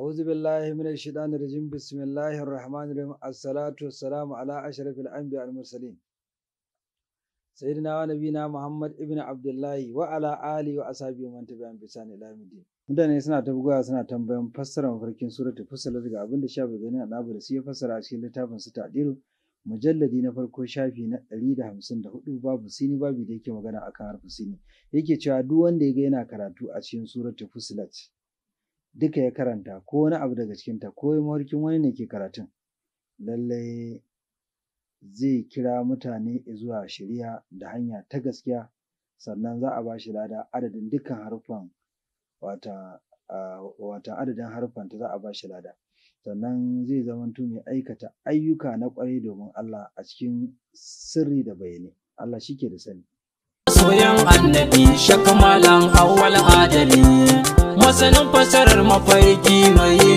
أعوذ بالله من الشيطان الرجيم بسم الله الرحمن الرحيم الصلاة والسلام على أشرف الأنبياء المرسلين سيدنا ونبينا محمد ابن عبد الله وعلى آله وأصحابه من تبعهم بإحسان إلى يوم الدين mutane suna ta bugawa suna tambayan fassarar mafarkin suratul fasala daga abin da shafi gani a nabu da su ya fassara a cikin littafin su ta tadiru mujalladi na farko shafi na ɗari da hamsin da hudu babu sini babu da yake magana akan harfi sini yake cewa duk wanda ya ga yana karatu a cikin suratul fusilat duka ya karanta ko wani abu daga cikinta ko mafarkin wani ne ke karatun lallai zai kira mutane zuwa shirya da hanya ta gaskiya sannan za a ba shi lada adadin dukkan harfan wata adadin harfan ta za a ba shi lada sannan zai zama mai aikata ayyuka na kwarai domin Allah a cikin sirri da bayani Allah shi ke da sani. Soyan annabi shakamalan awwal masanin fasarar mafarki mai